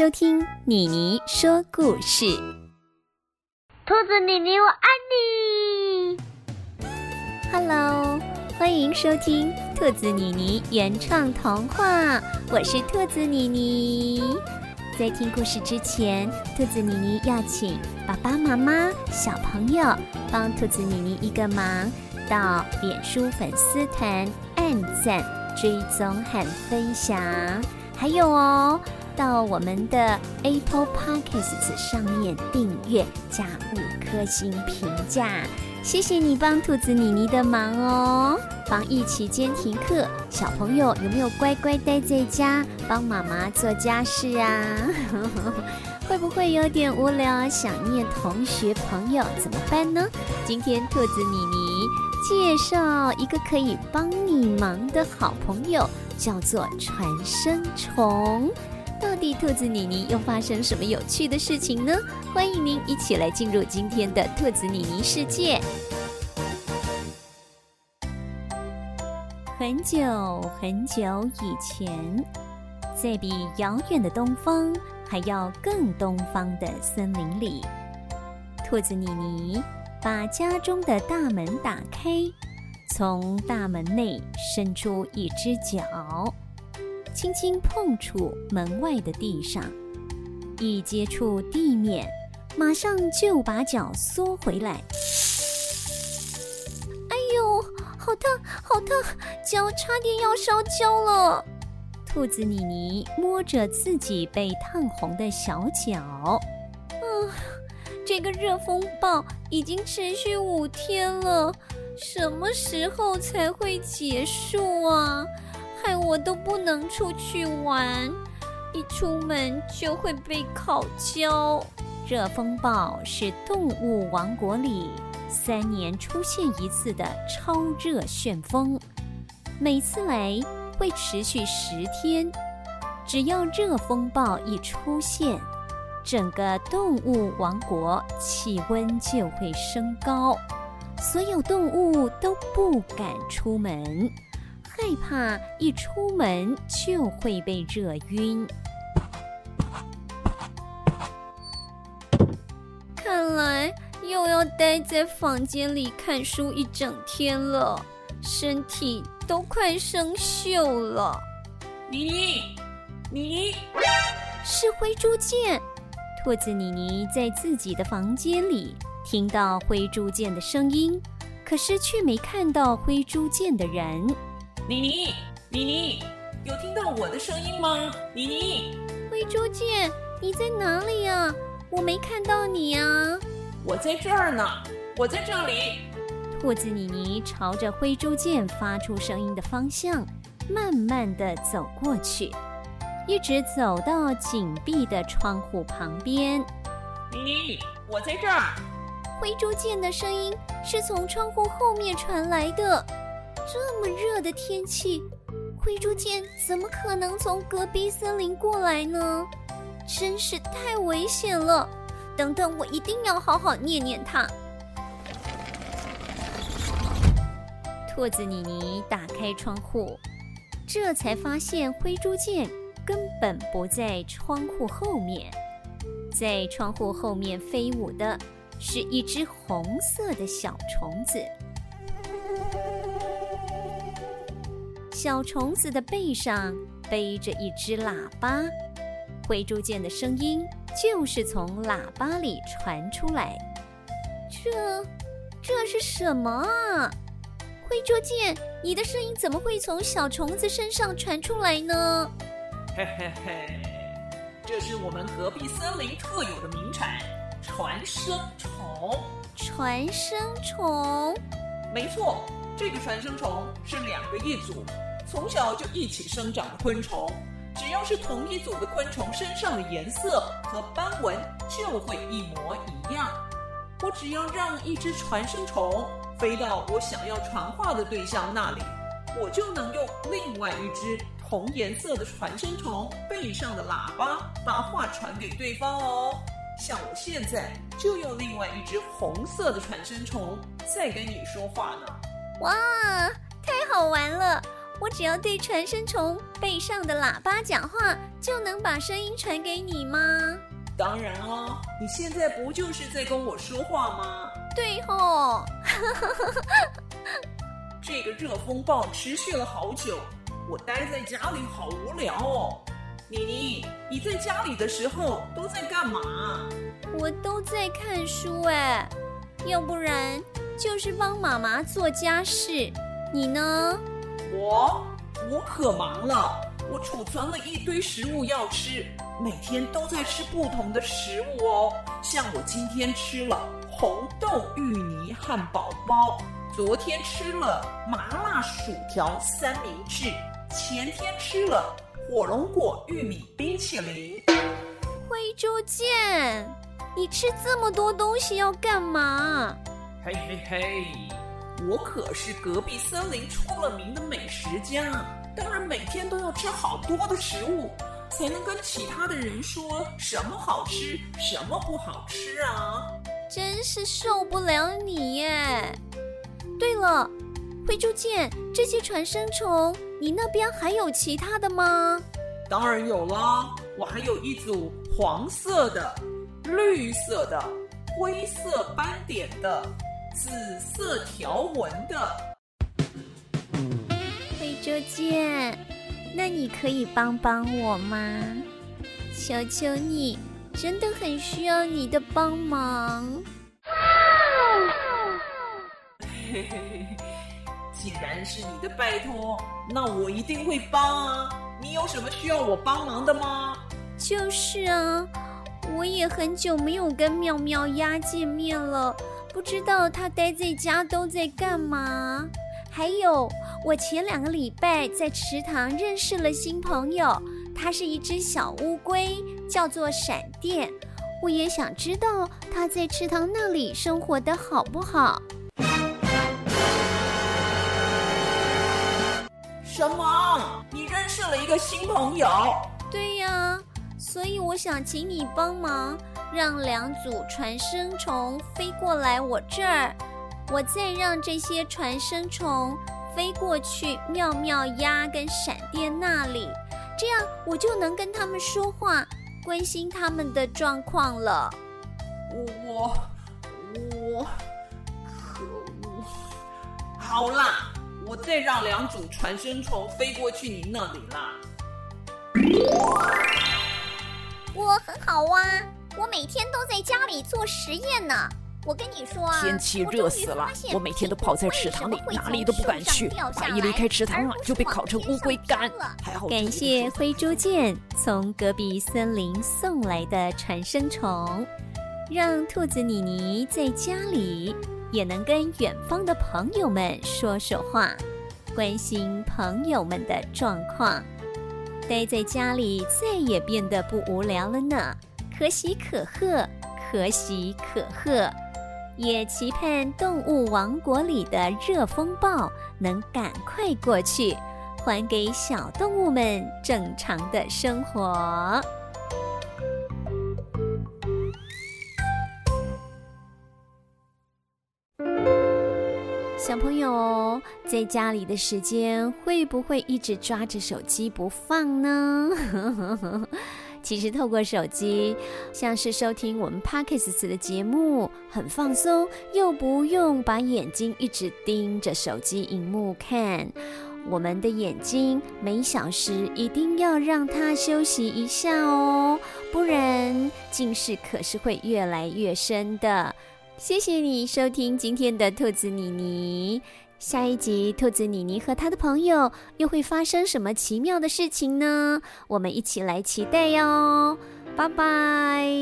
收聽妮妮說故事，兔子妮妮我愛你。Hello，歡迎收聽兔子妮妮原創童話，我是兔子妮妮。在聽故事之前，兔子妮妮要請爸爸媽媽、小朋友幫兔子妮妮一個忙，到臉書粉絲團按讚、追蹤和分享，還有哦。到我們的 Apple Podcast 上面訂閱，加五顆星評價，謝謝你幫兔子妮妮的忙哦！防疫期間停課，小朋友有沒有乖乖待在家，幫媽媽做家事啊？ 會不會有點無聊，想念同學朋友，怎麼辦呢？今天兔子妮妮介紹一個可以幫你忙的好朋友，叫做傳聲蟲。到底兔子妮妮又發生什麼有趣的事情呢？歡迎您一起來進入今天的兔子妮妮世界。很久很久以前，在比遙遠的東方還要更東方的森林裡，兔子妮妮把家中的大門打開，從大門內伸出一隻腳。輕輕碰觸門外的地上，一接觸地面，馬上就把腳縮回來。哎呦，好燙，好燙，腳差點要燒焦了。兔子妮妮摸着自己被燙紅的小腳，嗯、啊，這個熱風暴已經持續五天了，什麼時候才會結束啊？害我都不能出去玩，一出門就會被烤焦。熱風暴是動物王國裡三年出現一次的超熱旋風，每次來會持續十天。只要熱風暴一出現，整個動物王國氣溫就會升高，所有動物都不敢出門。害怕，一出門就會被熱暈，看來又要待在房間裡看書一整天了，身體都快生鏽了。妮妮，妮妮，是灰豬健。兔子妮妮在自己的房間裡聽到灰豬健的聲音，可是卻沒看到灰豬健的人。妮妮，妮妮，有聽到我的聲音嗎？妮妮，灰豬健，你在哪裡呀、啊？我沒看到你呀、啊。我在這兒呢，我在這裡。兔子妮妮朝着灰豬健發出聲音的方向，慢慢地走過去，一直走到緊閉的窗戶旁邊。妮妮，我在這兒。灰豬健的聲音是從窗戶後面傳來的。這麼熱的天氣，灰豬健怎麼可能從隔壁森林過來呢？真是太危險了！等等，我一定要好好念念它。兔子妮妮打開窗戶，這才發現灰豬健根本不在窗戶後面，在窗戶後面飛舞的是一只紅色的小蟲子。小蟲子的背上背着一隻喇叭，灰豬健的聲音就是從喇叭裡傳出來。這，這是什麼啊？灰豬健，你的聲音怎麼會從小蟲子身上傳出來呢？嘿嘿嘿，這是我們隔壁森林特有的名產——傳聲蟲。傳聲蟲，沒錯，這個傳聲蟲是兩個一組。從小就一起生長的昆蟲，只要是同一組的昆蟲，身上的顏色和斑紋就會一模一樣。我只要讓一隻傳聲蟲飛到我想要傳話的對象那裡，我就能用另外一隻同顏色的傳聲蟲背上的喇叭把話傳給對方哦。像我現在就用另外一隻紅色的傳聲蟲在跟你說話呢。哇，太好玩了！我只要對傳聲蟲背上的喇叭講話，就能把聲音傳給你嗎？當然哦，你現在不就是在跟我說話嗎？對哦。 這個熱風暴持續了好久，我待在家裡好無聊哦。妮妮，你在家裡的時候都在幹嘛？我都在看書哎，要不然就是幫媽媽做家事。你呢？我、哦、我可忙了，我儲存了一堆食物要吃，每天都在吃不同的食物哦。像我今天吃了紅豆芋泥漢堡包，昨天吃了麻辣薯條三明治，前天吃了火龍果玉米冰淇淋。灰豬健，你吃這麼多東西要幹嘛？嘿嘿嘿。我可是隔壁森林出了名的美食家，當然每天都要吃好多的食物，才能跟其他的人說什麼好吃什麼不好吃啊！真是受不了你耶！對了，灰豬健，這些傳聲蟲，你那邊還有其他的嗎？當然有啦，我還有一組黃色的、綠色的、灰色斑點的。紫色條紋的，灰豬健，那你可以幫幫我嗎？求求你，真的很需要你的幫忙。 既然是你的拜託，那我一定會幫啊。你有什麼需要我幫忙的嗎？就是啊，我也很久沒有跟妙妙鴨見面了。不知道他待在家都在幹嘛？還有，我前兩個禮拜在池塘認識了新朋友，它是一隻小烏龜，叫做閃電。我也想知道他在池塘那裡生活得好不好。什麼？你認識了一個新朋友？對呀。所以我想請你幫忙，讓兩組傳聲蟲飛過來我這兒，我再讓這些傳聲蟲飛過去妙妙鴨跟閃電那裡，這樣我就能跟他們說話，關心他們的狀況了。我我，我可惡！好啦，我再讓兩組傳聲蟲飛過去你那裡啦。我很好啊，我每天都在家裡做實驗呢。我跟你說啊，天氣熱死了我，我每天都泡在池塘裡，哪裡都不敢去，怕一離開池塘啊就被烤成烏龜乾。還好，感謝灰豬健從隔壁森林送來的傳聲蟲，讓兔子妮妮在家裡也能跟遠方的朋友們說說話，關心朋友們的狀況。待在家裡，再也變得不無聊了呢！可喜可賀，可喜可賀！也期盼動物王國裡的熱風暴能趕快過去，還給小動物們正常的生活。小朋友在家裡的時間會不會一直抓着手機不放呢？ 其實透過手機，像是收聽我們 Podcast 的節目，很放鬆，又不用把眼睛一直盯着手機熒幕看。我們的眼睛每小時一定要讓它休息一下哦，不然近視可是會越來越深的。謝謝你收聽今天的兔子妮妮，下一集，兔子妮妮和她的朋友又會發生什麼奇妙的事情呢？我們一起來期待喲，拜拜。